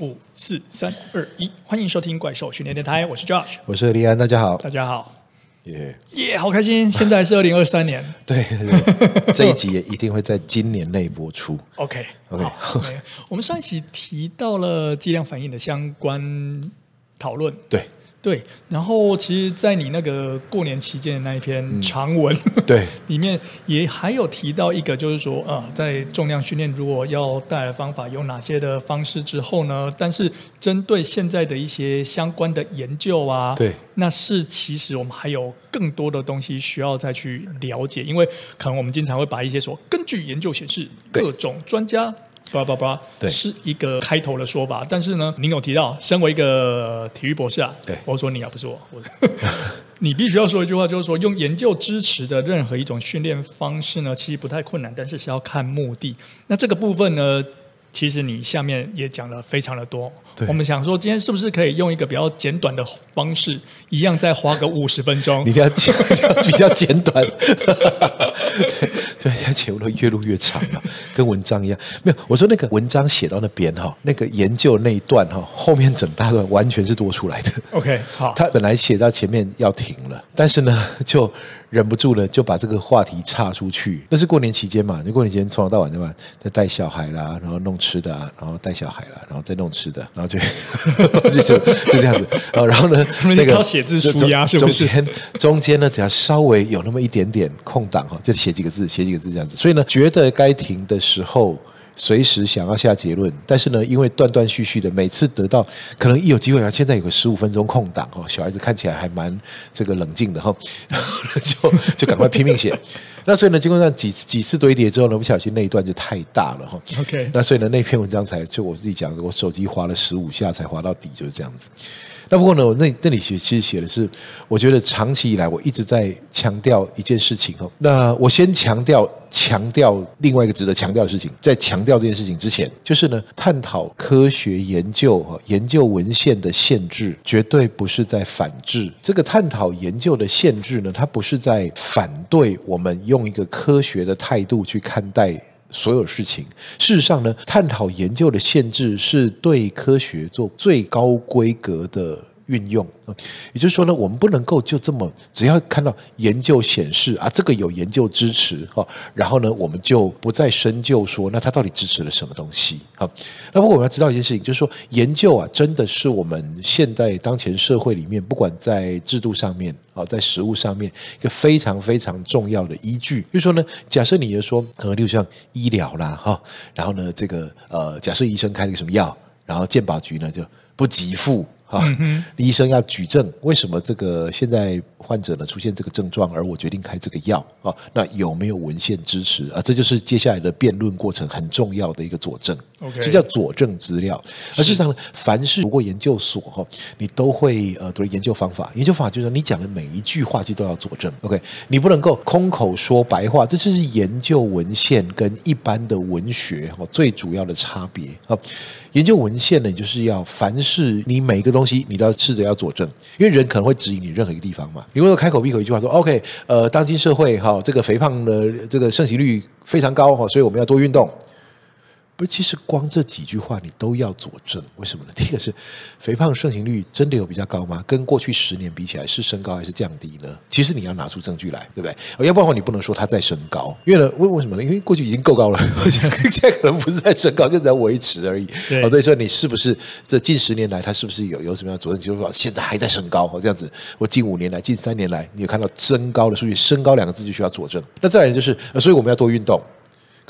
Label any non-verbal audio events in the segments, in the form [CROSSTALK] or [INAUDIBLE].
五四三二一，歡迎收聽《怪獸訓練電台》，我是 Josh，我是李安，大家好，大家好，耶耶，好開心！現在是二零二三年 [LAUGHS] 對對，對，這一集也一定會在今年內播出。 [LAUGHS] OK OK，好 [LAUGHS] 我們上一集提到了劑量反應的相關討論，對。對，然後其實，在你那個過年期間的那一篇長文，嗯， [LAUGHS] 裡面也還有提到一個，就是說啊、呃，在重量訓練如果要帶來方法有哪些的方式之後呢？但是針對現在的一些相關的研究啊，對，那是其實我們還有更多的東西需要再去了解，因為可能我們經常會把一些說根據研究顯示各種專家。吧吧吧，對，是一個開頭的說法。但是呢，您有提到，身為一個體育博士啊，對、欸，我說你啊，不是我，我說， [LAUGHS] 你必須要說一句話，就是說，用研究支持的任何一種訓練方式呢，其實不太困難，但是是要看目的。那這個部分呢，其實你下面也講了非常的多。我們想說，今天是不是可以用一個比較簡短的方式，一樣再花個五十分鐘？你比較比較簡短。 [LAUGHS] 對，這些節目都越錄越長了，跟文章一樣。沒有，我說那個文章寫到那邊哈，那個研究那一段哈，後面整大段完全是多出來的。OK，好，他本來寫到前面要停了，但是呢，就。忍不住了，就把這個話題岔出去。那是過年期間嘛？就過年期間從早到晚對吧？在帶小孩啦，然後弄吃的啊，然後帶小孩啦，然後再弄吃的，然後就 [LAUGHS] [LAUGHS] 就就這樣子。然後呢， [LAUGHS] 那個你靠寫字舒壓，是不是？中間中間呢，只要稍微有那麼一點點空檔哈，就寫幾個字，寫幾個字這樣子。所以呢，覺得該停的時候。隨時想要下結論，但是呢，因為斷斷續續的，每次得到，可能一有機會啊，現在有個十五分鐘空檔，小孩子看起來還蠻這個冷靜的，然後就就趕快拼命寫， [LAUGHS] 那所以呢，經過那幾幾次堆疊之後呢，不小心那一段就太大了，OK。那所以呢，那篇文章才，就我自己講，我手機滑了十五下才滑到底，就是這樣子。那不過呢，那那裡寫其實寫的是，我覺得長期以來我一直在強調一件事情哦。那我先強調強調另外一個值得強調的事情，在強調這件事情之前，就是呢，探討科學研究和研究文獻的限制，絕對不是在反制。這個探討研究的限制呢，它不是在反對我們用一個科學的態度去看待所有事情。事實上呢，探討研究的限制是對科學做最高規格的運用，也就是說呢，我們不能夠就這麼只要看到研究顯示啊，這個有研究支持哈，然後呢，我們就不再深究說那它到底支持了什麼東西哈。那不過我們要知道一件事情，就是說研究啊，真的是我們現代當前社會裡面，不管在制度上面，在實務上面，一個非常非常重要的依據。就是說呢，假設你又說可能就像醫療啦哈，然後呢，這個呃，假設醫生開了個什麼藥，然後健保局呢就不給付。啊，醫生要舉證，為什麼這個現在？患者呢，出現這個症狀，而我決定開這個藥啊、哦，那有沒有文獻支持啊？這就是接下來的辯論過程很重要的一個佐證，OK，這叫佐證資料。而事實上，呢，凡是讀過研究所哈、哦，你都會呃讀研究方法，研究方法就是你講的每一句話就都要佐證，OK，你不能夠空口說白話。這就是研究文獻跟一般的文學哦最主要的差別啊、哦。研究文獻呢，就是要凡事你每一個東西，你都要試着要佐證，因為人可能會質疑你任何一個地方嘛。如果開口閉口一句話說，OK，呃，當今社會哈，這個肥胖的這個盛行率非常高哈，所以我們要多運動。不，其實光這幾句話你都要佐證，為什麼呢？第一個是肥胖盛行率真的有比較高嗎？跟過去十年比起來，是升高還是降低呢？其實你要拿出證據來，對不對？要不然你不能說它在升高，因為呢，為為什麼呢？因為過去已經夠高了，現在可能不是在升高，就在維持而已。對。所以說，你是不是這近十年來，它是不是有有什麼樣的佐證？就是說現在還在升高，這樣子，我近五年來、近三年來，你有看到升高的數據，“升高”兩個字就需要佐證。那再來就是，所以我們要多運動。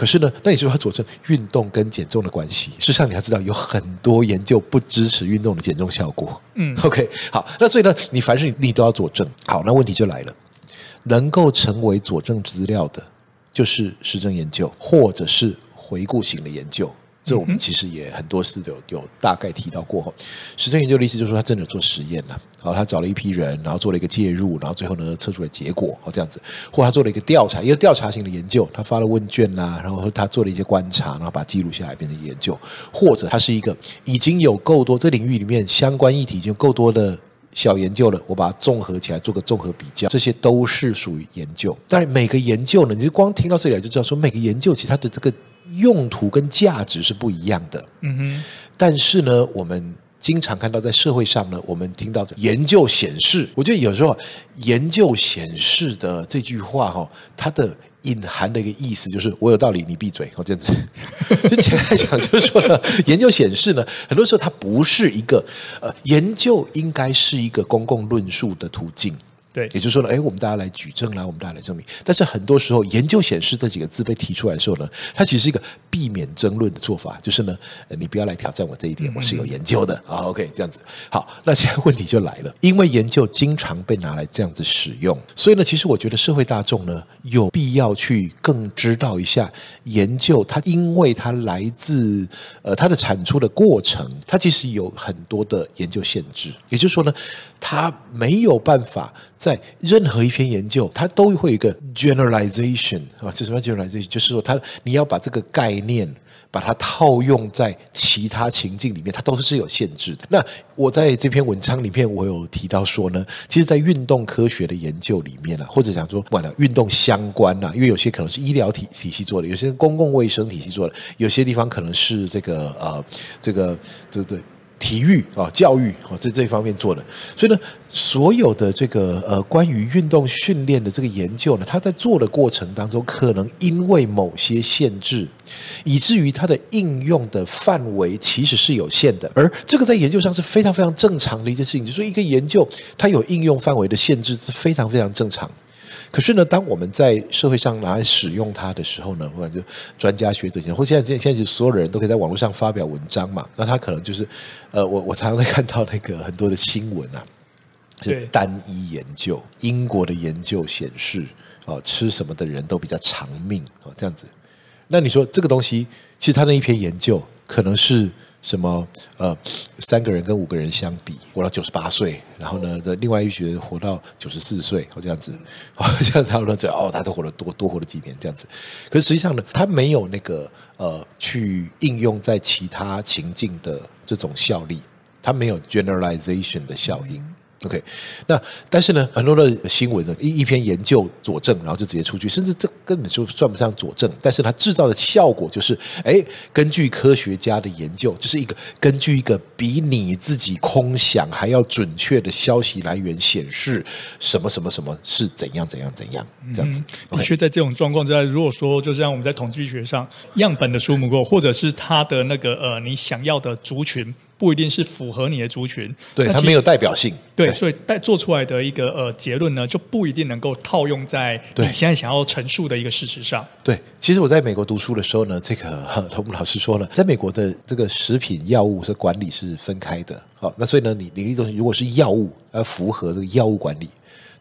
可是呢，那你就要佐證運動跟減重的關係。事實上，你要知道有很多研究不支持運動的減重效果。嗯，OK，好，那所以呢，你凡事你，你都要佐證。好，那問題就來了，能夠成為佐證資料的，就是實證研究或者是回顧型的研究。這我們其實也很多次都有大概提到過。實證研究的意思就是說，他真的有做實驗了，然後他找了一批人，然後做了一個介入，然後最後呢，測出了結果，哦，這樣子。或他做了一個調查，一個調查型的研究，他發了問卷吶、啊，然後他做了一些觀察，然後把記錄下來變成研究。或者他是一個已經有夠多這領域裡面相關議題已經有夠多的小研究了，我把它綜合起來做個綜合比較，這些都是屬於研究。但每個研究呢，你就光聽到這裡來就知道，說每個研究其實它的這個。用途跟價值是不一樣的，嗯哼。但是呢，我們經常看到在社會上呢，我們聽到研究顯示，我覺得有時候研究顯示的這句話哈，它的隱含的一個意思就是我有道理，你閉嘴，我這樣子。就前來講就是說了， [LAUGHS] 研究顯示呢，很多時候它不是一個呃，研究應該是一個公共論述的途徑。對，也就是說呢，哎，我們大家來舉證啦，來我們大家來證明。但是很多時候，研究顯示這幾個字被提出來的時候呢，它其實是一個避免爭論的做法，就是呢，呃，你不要來挑戰我這一點，我是有研究的。嗯。好，OK，這樣子。好，那現在問題就來了，因為研究經常被拿來這樣子使用，所以呢，其實我覺得社會大眾呢有必要去更知道一下研究，它因為它來自呃它的產出的過程，它其實有很多的研究限制。也就是說呢，它沒有辦法。在任何一篇研究，它都會有一個 generalization 啊，是什麼 generalization？就是說，它你要把這個概念，把它套用在其他情境裡面，它都是有限制的。那我在這篇文章裡面，我有提到說呢，其實，在運動科學的研究裡面呢、啊，或者講說，管了運動相關啊，因為有些可能是醫療體體系做的，有些公共衛生體系做的，有些地方可能是這個呃，這個對不對？體育啊，教育啊，在這方面做的，所以呢，所有的這個呃，關於運動訓練的這個研究呢，它在做的過程當中，可能因為某些限制，以至於它的應用的範圍其實是有限的，而這個在研究上是非常非常正常的一件事情，就是說一個研究它有應用範圍的限制是非常非常正常。可是呢，當我們在社會上拿來使用它的時候呢，或者就專家學者，或現在現在其實所有的人都可以在網絡上發表文章嘛，那他可能就是，呃，我我常常看到那個很多的新聞啊，是單一研究，英國的研究顯示，哦，吃什麼的人都比較長命哦，這樣子，那你說這個東西，其實他那一篇研究可能是。什麼呃，三個人跟五個人相比，活到九十八歲，然後呢，這另外一群人活到九十四歲，這樣子，啊，這樣他們就哦，他都活了多，多活了幾年這樣子。可是實際上呢，他沒有那個呃，去應用在其他情境的這種效力，他沒有 generalization 的效應。OK，那但是呢，很多的新聞呢，一一篇研究佐證，然後就直接出去，甚至這根本就算不上佐證，但是它制造的效果就是，哎，根據科學家的研究，就是一個根據一個比你自己空想還要準確的消息來源顯示什，什麼什麼什麼是怎樣怎樣怎樣這樣子。嗯 okay。的確，在這種狀況之下，如果說就像我們在統計學上，樣本的數目夠，或者是他的那個呃，你想要的族群。不一定是符合你的族群，對，它沒有代表性，對，對，所以帶做出來的一個呃結論呢，就不一定能夠套用在你現在想要陳述的一個事實上。對，對，其實我在美國讀書的時候呢，這個我們老師說了，在美國的這個食品、藥物是管理是分開的，好，那所以呢，你你意思是如果是藥物，要符合這個藥物管理；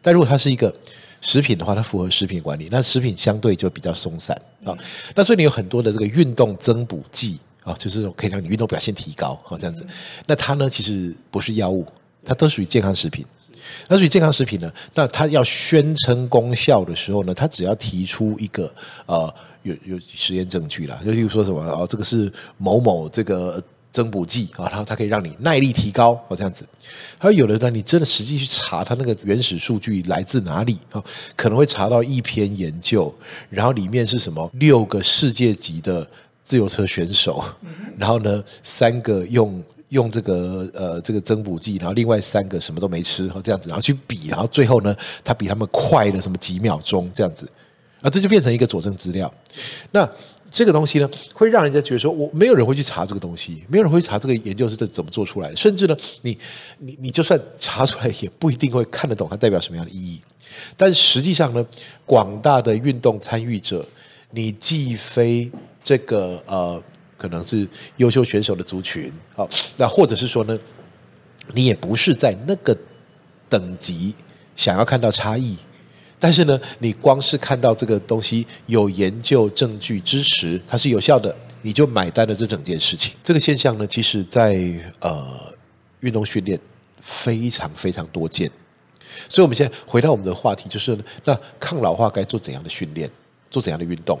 但如果它是一個食品的話，它符合食品管理。那食品相對就比較鬆散啊、嗯，那所以你有很多的這個運動增補劑。哦，就是可以讓你運動表現提高哦，這樣子，嗯。那它呢，其實不是藥物，它都屬於健康食品。那屬於健康食品呢，那它要宣稱功效的時候呢，它只要提出一個呃，有有實驗證據啦，就例如說什麼，啊，這個是某某這個增補劑啊，然後它可以讓你耐力提高哦，這樣子。還有的，呢，你真的實際去查它那個原始數據來自哪裡，可能會查到一篇研究，然後裡面是什麼六個世界級的。自由車選手，然後呢，三個用用這個呃這個增補劑，然後另外三個什麼都沒吃，然後這樣子，然後去比，然後最後呢，他比他們快了什麼幾秒鐘這樣子，啊，這就變成一個佐證資料。那這個東西呢，會讓人家覺得說，我沒有人會去查這個東西，沒有人會去查這個研究是怎怎麼做出來的，甚至呢，你你你就算查出來，也不一定會看得懂它代表什麼樣的意義。但實際上呢，廣大的運動參與者，你既非這個呃，可能是優秀選手的族群，好，那或者是說呢，你也不是在那個等級想要看到差異，但是呢，你光是看到這個東西有研究證據支持，它是有效的，你就買單了這整件事情。這個現象呢，其實在呃運動訓練非常非常多見，所以我們現在回到我們的話題，就是那抗老化該做怎樣的訓練，做怎樣的運動？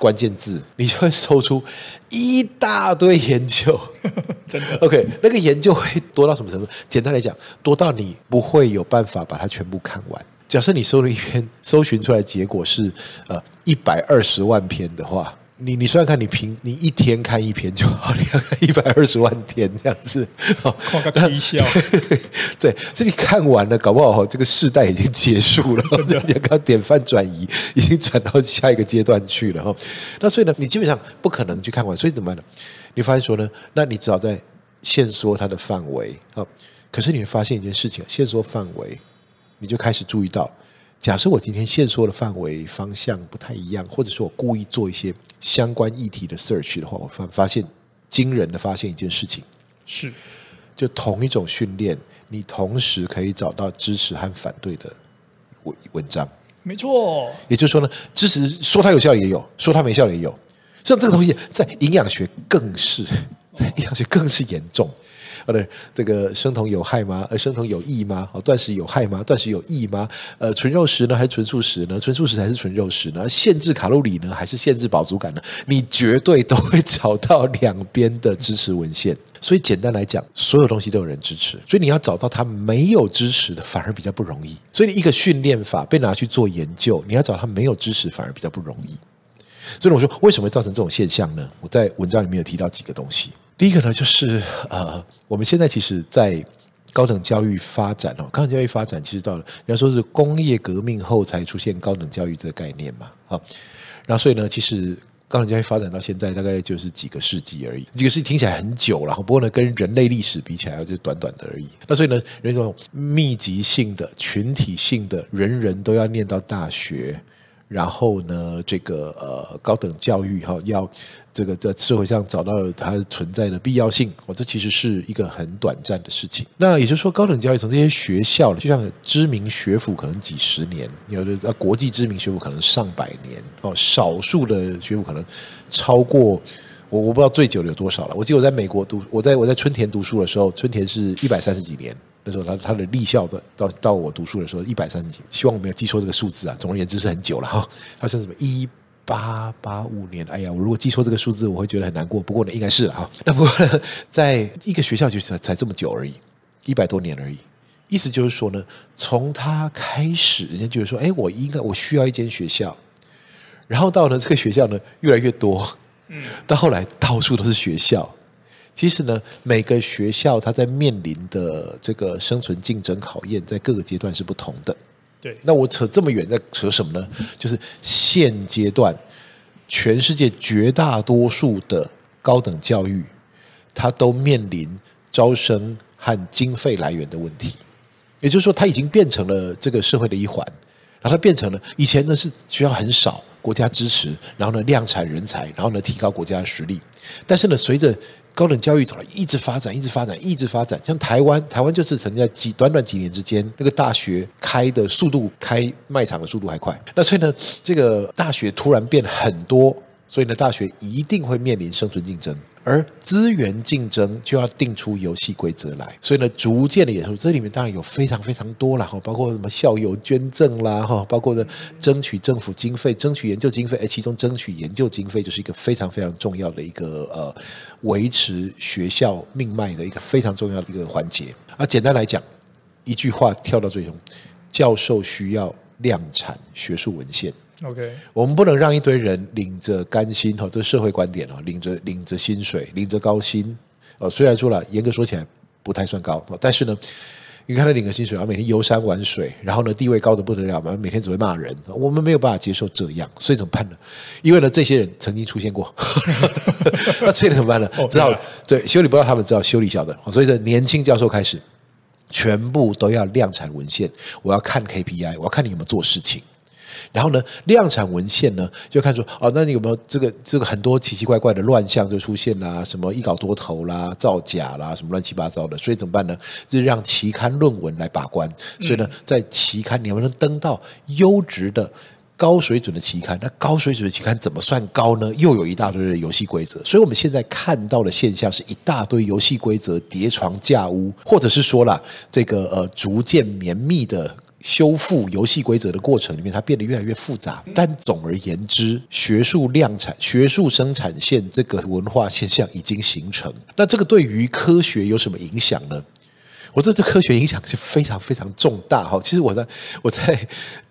關鍵字，你就會搜出一大堆研究，哈哈哈，真的。OK，那個研究會多到什麼程度？簡單來講，多到你不會有辦法把它全部看完。假設你搜了一篇，搜尋出來結果是呃一百二十萬篇的話。你你算看你平你一天看一篇就好，你要看一百二十萬天這樣子，好，看一笑， [LAUGHS] 對，所以你看完了，搞不好這個世代已經結束了，要看典範轉移，已經轉到下一個階段去了哈。那所以呢，你基本上不可能去看完，所以怎麼辦呢？你發現說呢，那你只好在限縮它的範圍啊。可是你會發現一件事情，限縮範圍，你就開始注意到。假設我今天限縮的範圍方向不太一樣，或者說我故意做一些相關議題的 search 的話，我發發現驚人的發現一件事情是：就同一種訓練，你同時可以找到支持和反對的文文章。沒錯，也就是說呢，支持說它有效也有，說它沒效也有。像這個東西在營養學更是，在營養學更是嚴重。啊，對，這個生酮有害嗎？呃，生酮有益嗎？哦，斷食有害嗎？斷食有益嗎？呃，純肉食呢？還是純素食呢？純素食還是純肉食呢？限制卡路里呢？還是限制飽足感呢？你絕對都會找到兩邊的支持文獻。所以簡單來講，所有東西都有人支持，所以你要找到它沒有支持的，反而比較不容易。所以你一個訓練法被拿去做研究，你要找它沒有支持，反而比較不容易。所以我說，為什麼會造成這種現象呢？我在文章裡面有提到幾個東西。第一個呢，就是呃，我們現在其實，在高等教育發展哦，高等教育發展其實到了，人家說是工業革命後才出現高等教育這個概念嘛，哦，然後所以呢，其實高等教育發展到現在大概就是幾個世紀而已，幾個世紀聽起來很久了，不過呢，跟人類歷史比起來就是短短的而已。那所以呢，這種密集性的、群體性的，人人都要念到大學，然後呢，這個呃，高等教育哈、哦、要這個在社會上找到它存在的必要性，我、哦、這其實是一個很短暫的事情。那也就是說，高等教育從這些學校，就像知名學府，可能幾十年；有的啊，國際知名學府可能上百年。哦，少數的學府可能超過我，我不知道最久的有多少了。我記得我在美國讀，我在我在春田讀書的時候，春田是一百三十幾年。那時候，他他的立校的到到我讀書的時候，一百三十幾，希望我沒有記錯這個數字啊。總而言之是很久了哈、哦。它是什麼一八八五年？哎呀，我如果記錯這個數字，我會覺得很難過。不過呢，應該是了哈、哦。不過呢，在一個學校就才才這麼久而已，一百多年而已。意思就是說呢，從他開始，人家覺得說，哎，我應該我需要一間學校，然後到呢，這個學校呢，越來越多，嗯，到後來到處都是學校。其實呢，每個學校它在面臨的這個生存競爭考驗，在各個階段是不同的。對，那我扯這麼遠在扯什麼呢？就是現階段，全世界絕大多數的高等教育，它都面臨招生和經費來源的問題。也就是說，它已經變成了這個社會的一環，然後變成了以前呢是學校很少，國家支持，然後呢量產人才，然後呢提高國家的實力，但是呢隨着高等教育怎麼一直發展，一直發展，一直發展？像台灣，台灣就是曾經在幾短短幾年之間，那個大學開的速度，開賣場的速度還快。那所以呢，這個大學突然變很多，所以呢，大學一定會面臨生存競爭。而資源競爭就要定出遊戲規則來，所以呢，逐漸的演出，這裡面當然有非常非常多啦，包括什麼校友捐贈啦哈，包括呢爭取政府經費、爭取研究經費，其中爭取研究經費就是一個非常非常重要的一個呃，維持學校命脈的一個非常重要的一個環節。啊，簡單來講，一句話跳到最終，教授需要量產學術文獻。OK，我們不能讓一堆人領着乾薪。哈、哦，這社會觀點哦，領着領着薪水，領着高薪，哦、雖然說了嚴格說起來不太算高，哦、但是呢，你看他領個薪水，然後每天遊山玩水，然後呢地位高得不得了，每天只會罵人、哦，我們沒有辦法接受這樣，所以怎麼辦呢？因為呢，這些人曾經出現過， [LAUGHS] [LAUGHS] 那這怎麼辦呢？Oh, 知道了，okay. 對修理不到他們知道修理小的、哦，所以這年輕教授開始，全部都要量產文獻，我要看 KPI，我要看你有沒有做事情。然後呢，量產文獻呢，就看說哦，那你有沒有這個這個很多奇奇怪怪的亂象就出現啦、啊，什麼一稿多投啦、造假啦，什麼亂七八糟的？所以怎麼辦呢？就是讓期刊論文來把關。所以呢，在期刊你能不能登到優質的、高水準的期刊？那高水準的期刊怎麼算高呢？又有一大堆的遊戲規則。所以我們現在看到的現象是一大堆遊戲規則疊床架屋，或者是說啦，這個呃逐漸綿密的。修復遊戲規則的過程裡面，它變得越來越複雜。但總而言之，學術量產、學術生產線這個文化現象已經形成。那這個對於科學有什麼影響呢？我這對科學影響是非常非常重大哈。其實我在我在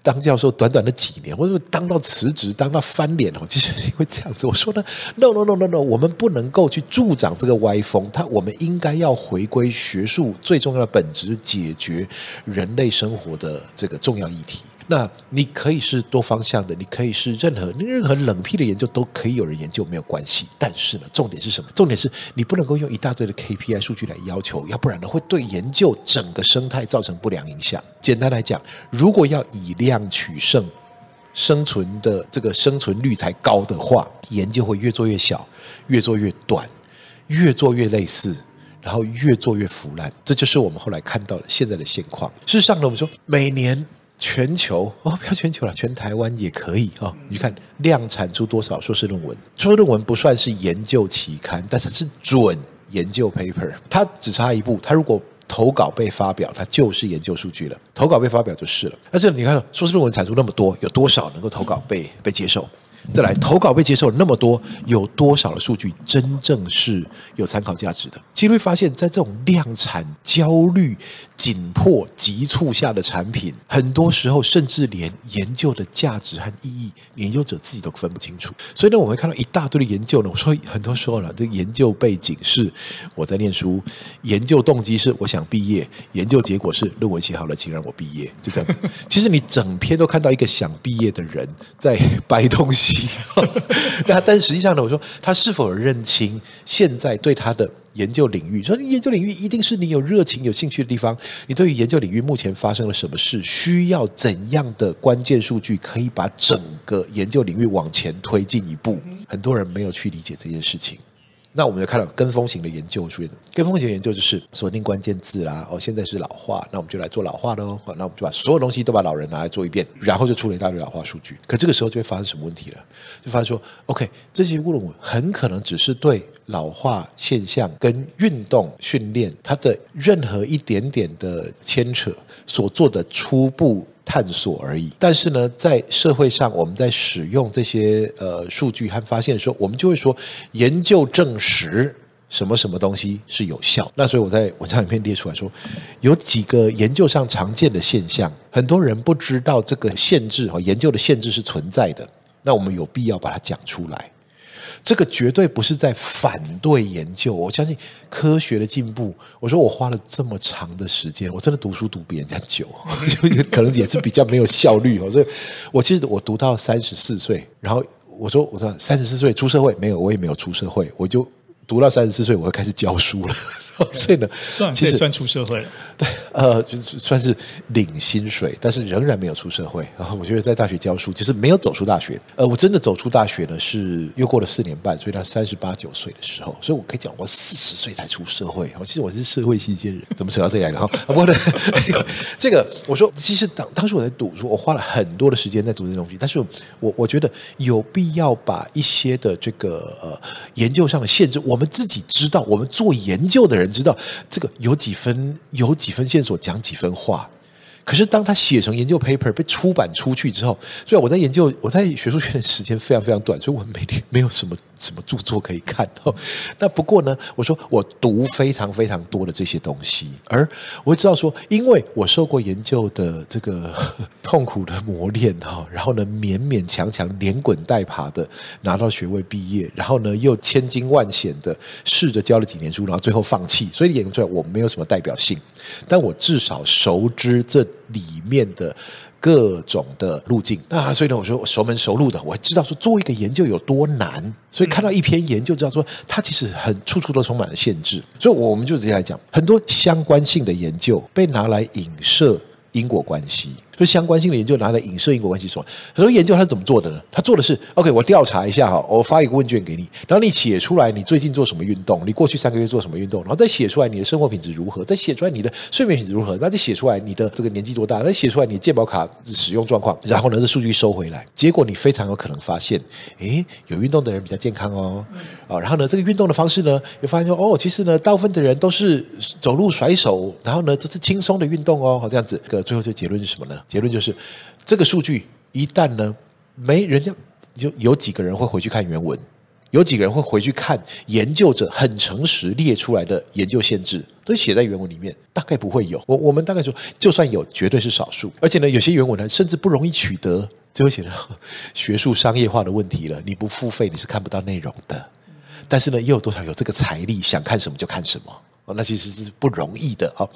當教授短短的幾年，我就當到辭職、當到翻臉哦，就是因為這樣子。我說呢 no,no no no no no，我們不能夠去助長這個歪風，他我們應該要回歸學術最重要的本質，解決人類生活的這個重要議題。那你可以是多方向的，你可以是任何任何冷僻的研究都可以有人研究沒有關係。但是呢，重點是什麼？重點是你不能夠用一大堆的 KPI 數據來要求，要不然呢，會對研究整個生態造成不良影響。簡單來講，如果要以量取勝，生存的這個生存率才高的話，研究會越做越小，越做越短，越做越類似，然後越做越腐爛。這就是我們後來看到的現在的現況。事實上呢，我們說每年。全球哦，不要全球了，全台灣也可以哦。你看，量產出多少碩士論文？碩士論文不算是研究期刊，但是是準研究 paper，它只差一步。它如果投稿被發表，它就是研究數據了。投稿被發表就是了。但是你看，碩士論文產出那麼多，有多少能夠投稿被被接受？再來投稿被接受那麼多，有多少的數據真正是有參考價值的？其實會發現，在這種量產焦慮、緊迫、急促下的產品，很多時候甚至連研究的價值和意義，研究者自己都分不清楚。所以呢，我會看到一大堆的研究呢。我說，很多時候了，這研究背景是我在念書，研究動機是我想畢業，研究結果是論文寫好了，請讓我畢業，就這樣子。其實你整篇都看到一個想畢業的人在掰東西。那 [LAUGHS] [LAUGHS] 但實際上呢？我說他是否認清現在對他的研究領域？說研究領域一定是你有熱情、有興趣的地方。你對於研究領域目前發生了什麼事？需要怎樣的關鍵數據可以把整個研究領域往前推進一步？很多人沒有去理解這件事情。那我們就看到跟風型的研究出現，跟風型研究就是鎖定關鍵字啦、啊。哦，現在是老化，那我們就來做老化的哦、啊。那我們就把所有東西都把老人拿來做一遍，然後就出了一大堆老化數據。可這個時候就會發生什麼問題了？就發現說，OK，這些論文很可能只是對老化現象跟運動訓練它的任何一點點的牽扯所做的初步。探索而已，但是呢，在社會上，我們在使用這些呃數據和發現的時候，我們就會說，研究證實什麼什麼東西是有效。那所以我在文章裡面列出來說，有幾個研究上常見的現象，很多人不知道這個限制和研究的限制是存在的，那我們有必要把它講出來。這個絕對不是在反對研究，我相信科學的進步。我說我花了這麼長的時間，我真的讀書讀比人家久，就可能也是比較沒有效率。所以，我其實我讀到三十四歲，然後我說我說三十四歲出社會沒有，我也沒有出社會，我就讀到三十四歲，我就開始教書了。所以呢，算其實算出社會了，對，呃，就算是領薪水，但是仍然沒有出社會。啊，我覺得在大學教書，其實沒有走出大學。呃，我真的走出大學呢，是又過了四年半，所以他三十八九歲的時候，所以我可以講，我四十歲才出社會。我其實我是社會新鮮人，怎麼扯到這來的？哈， [LAUGHS] 不這個我說，其實當當時我在讀，我花了很多的時間在讀這些東西，但是我我覺得有必要把一些的這個呃研究上的限制，我們自己知道，我們做研究的人。你知道這個有幾分，有幾分線索，講幾分話。可是當他寫成研究 paper 被出版出去之後，所以我在研究，我在學術圈的時間非常非常短，所以我沒沒有什麼。什麼著作可以看？那不過呢，我說我讀非常非常多的這些東西，而我會知道說，因為我受過研究的這個痛苦的磨練，然後呢，勉勉強強連滾帶爬的拿到學位畢業，然後呢，又千驚萬險的試着教了幾年書，然後最後放棄。所以，演出來我沒有什麼代表性，但我至少熟知這裡面的。各種的路徑啊，那所以呢，我說我熟門熟路的，我知道說做一個研究有多難，所以看到一篇研究，知道說它其實很處處都充滿了限制，所以我們就直接來講，很多相關性的研究被拿來影射因果關係。就相關性的研究拿來的影射因果關係說，很多研究他是怎麼做的呢？他做的是，OK，我調查一下哈、哦，我發一個問卷給你，然後你寫出來你最近做什麼運動，你過去三個月做什麼運動，然後再寫出來你的生活品質如何，再寫出來你的睡眠品質如何，那就寫出來你的這個年紀多大，再寫出來你的健保卡使用狀況，然後呢，這數據收回來，結果你非常有可能發現，誒，有運動的人比較健康哦，啊，然後呢這個運動的方式呢，又發現說，哦，其實呢，大部分的人都是走路甩手，然後呢這是輕鬆的運動哦，這樣子，這個最後這個結論是什麼呢？結論就是，這個數據一旦呢，沒人家，有有幾個人會回去看原文？有幾個人會回去看研究者很誠實列出來的研究限制都寫在原文裡面？大概不會有。我我們大概說，就算有，絕對是少數。而且呢，有些原文呢，甚至不容易取得，就會寫到學術商業化的問題了。你不付費，你是看不到內容的。但是呢，又有多少有這個財力想看什麼就看什麼？那其實是不容易的，哈，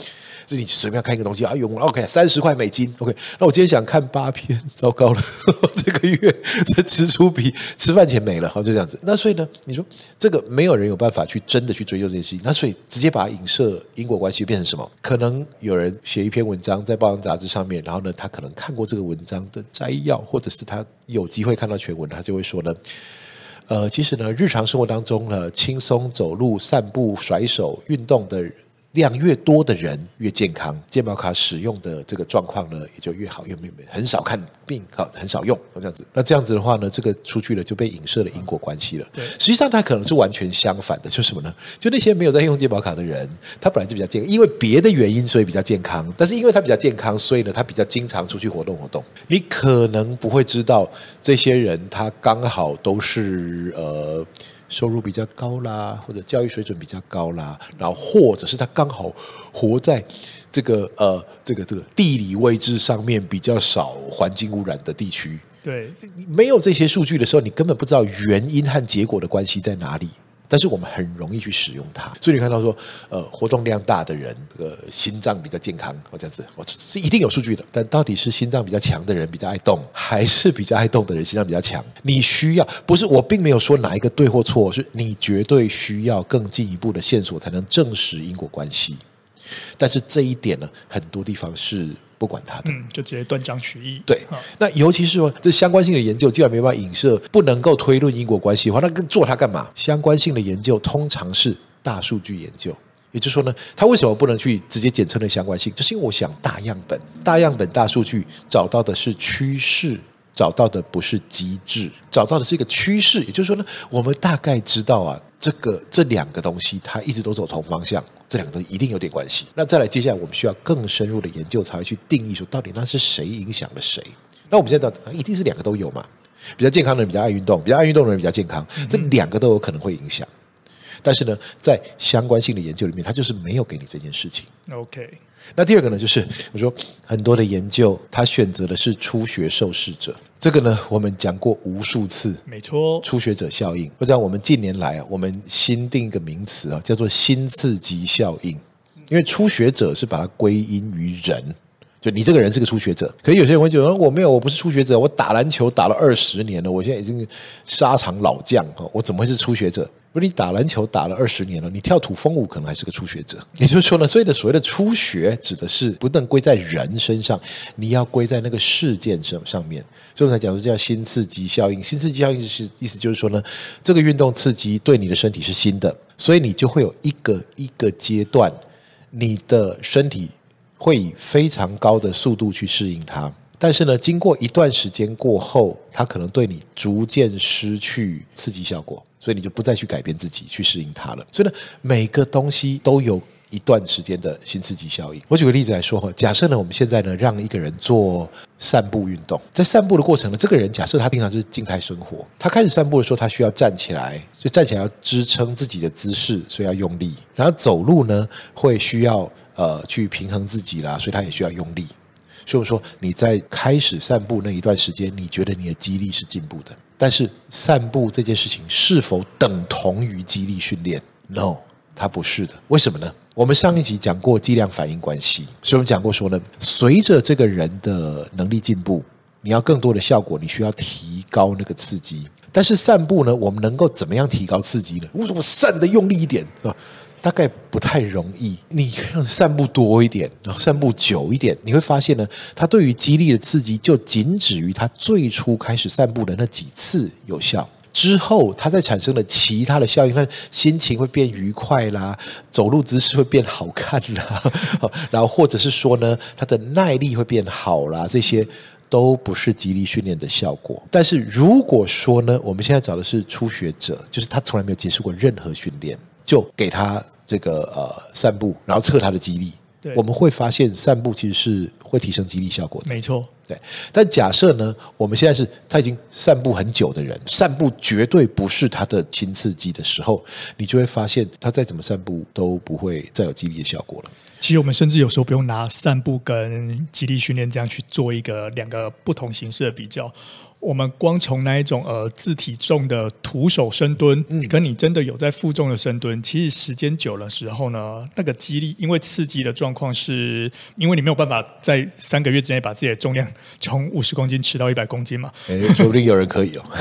所以你隨便要看一個東西啊，有，OK，三十塊美金，OK，那我今天想看八篇，糟糕了，呵呵這個月這支出比吃飯錢沒了，好，就這樣子。那所以呢，你說這個沒有人有辦法去真的去追究這件事情，那所以直接把它影射因果關係變成什麼？可能有人寫一篇文章在報章雜誌上面，然後呢，他可能看過這個文章的摘要，或者是他有機會看到全文，他就會說呢。呃，其實呢，日常生活當中呢，輕鬆走路、散步、甩手運動的人。量越多的人越健康，健保卡使用的這個狀況呢也就越好，越沒，很少看病，好很少用這樣子。那這樣子的話呢，這個出去了就被影射了因果關係了。嗯、實際上它可能是完全相反的，就是什麼呢？就那些沒有在用健保卡的人，他本來就比較健康，因為別的原因所以比較健康，但是因為他比較健康，所以呢他比較經常出去活動活動。你可能不會知道這些人他剛好都是呃。收入比較高啦，或者教育水準比較高啦，然後或者是他剛好活在這個呃這個這個地理位置上面比較少環境污染的地區。對，你沒有這些數據的時候，你根本不知道原因和結果的關係在哪裡。但是我們很容易去使用它，所以你看到說，呃，活動量大的人，呃、這個心臟比較健康，我這樣子，我這一定有數據的。但到底是心臟比較強的人比較愛動，還是比較愛動的人心臟比較強？你需要不是我，並沒有說哪一個對或錯，是你絕對需要更進一步的線索才能證實因果關係。但是這一點呢，很多地方是。不管他的，嗯、就直接斷章取義。對，哦、那尤其是說，這相關性的研究，既然沒辦法影射，不能夠推論因果關係的話，那做它幹嘛？相關性的研究通常是大數據研究，也就是說呢，它為什麼不能去直接檢測那相關性？就是因為我想大樣本，大樣本大數據找到的是趨勢。找到的不是機制，找到的是一個趨勢。也就是說呢，我們大概知道啊，這個這兩個東西它一直都走同方向，這兩個東西一定有點關係。那再來，接下來我們需要更深入的研究，才會去定義說到底那是誰影響了誰。那我們現在知道、啊，一定是兩個都有嘛。比較健康的人比較愛運動，比較愛運動的人比較健康，這兩個都有可能會影響。嗯、但是呢，在相關性的研究裡面，它就是沒有給你這件事情。OK。那第二個呢，就是我說很多的研究，他選擇的是初學受試者。這個呢，我們講過無數次，沒錯，初學者效應。或者我們近年來啊，我們新定一個名詞啊，叫做新刺激效應。因為初學者是把它歸因於人，就你這個人是個初學者。可是有些人會覺得，我沒有，我不是初學者，我打籃球打了二十年了，我現在已經沙場老將啊，我怎麼會是初學者？如果你打籃球打了二十年了，你跳土風舞可能還是個初學者。也就是說呢，所謂的、所謂的初學，指的是不能歸在人身上，你要歸在那個事件上、上面。所以我才講說叫新刺激效應。新刺激效應是意思就是說呢，這個運動刺激對你的身體是新的，所以你就會有一個一個階段，你的身體會以非常高的速度去適應它。但是呢，經過一段時間過後，它可能對你逐漸失去刺激效果。所以你就不再去改變自己，去適應它了。所以呢，每個東西都有一段時間的新刺激效應。我舉個例子來說哈，假設呢，我們現在呢讓一個人做散步運動，在散步的過程呢，這個人假設他平常是靜態生活，他開始散步的時候，他需要站起來，就站起來要支撐自己的姿勢，所以要用力；然後走路呢，會需要呃去平衡自己啦，所以他也需要用力。所以我說你在開始散步那一段時間，你覺得你的肌力是進步的。但是散步這件事情是否等同於肌力訓練？No，它不是的。為什麼呢？我們上一集講過劑量反應關係，所以我們講過說呢，隨着這個人的能力進步，你要更多的效果，你需要提高那個刺激。但是散步呢，我們能夠怎麼樣提高刺激呢？我怎麼散得用力一點，是吧？大概不太容易。你可以讓散步多一點，然後散步久一點，你會發現呢，它對於肌力的刺激就僅止於它最初開始散步的那幾次有效。之後它再產生了其他的效應，那心情會變愉快啦，走路姿勢會變好看啦，然後或者是說呢，它的耐力會變好啦，這些都不是肌力訓練的效果。但是如果說呢，我們現在找的是初學者，就是他從來沒有接受過任何訓練，就給他。這個呃，散步，然後測他的肌力，對，我們會發現散步其實是會提升肌力效果的。沒錯，對。但假設呢，我們現在是他已經散步很久的人，散步絕對不是他的新刺激的時候，你就會發現他再怎麼散步都不會再有肌力的效果了。其實我們甚至有時候不用拿散步跟肌力訓練這樣去做一個兩個不同形式的比較。我們光從那一種呃自體重的徒手深蹲，跟你真的有在負重的深蹲，其實時間久了時候呢，那個肌力，因為刺激的狀況是，因為你沒有辦法在三個月之內把自己的重量從五十公斤吃到一百公斤嘛，哎，說不定有人可以哦， [LAUGHS]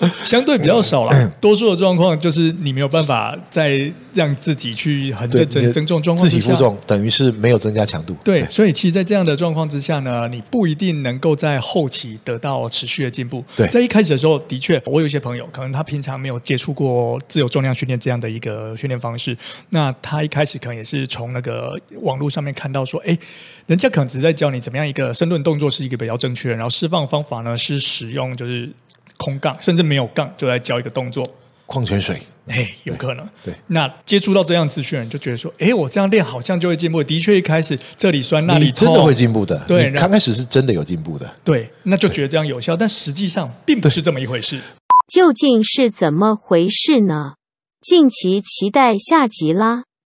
哦 [LAUGHS] ，相對比較少了，多數的狀況就是你沒有辦法再讓自己去很在增增重狀況自己負重等於是沒有增加強度。對，對，所以其實，在這樣的狀況之下呢，你不一定能夠在後期得到。哦，持續的進步。對，在一開始的時候，的確，我有一些朋友，可能他平常沒有接觸過自由重量訓練這樣的一個訓練方式，那他一開始可能也是從那個網絡上面看到說，哎，人家可能只是在教你怎麼樣一個深蹲動作是一個比較正確的，然後釋放方法呢是使用就是空槓，甚至沒有槓就來教一個動作。礦泉水，哎，有可能對。對，那接觸到這樣資訊，就覺得說，哎，我這樣練好像就會進步。的確，一開始這裡酸那裡痛，真的會進步的。對，剛開始是真的有進步的。對，那就覺得這樣有效，但實際上並不是這麼一回事。究竟是怎麼回事呢？敬請期待下集啦。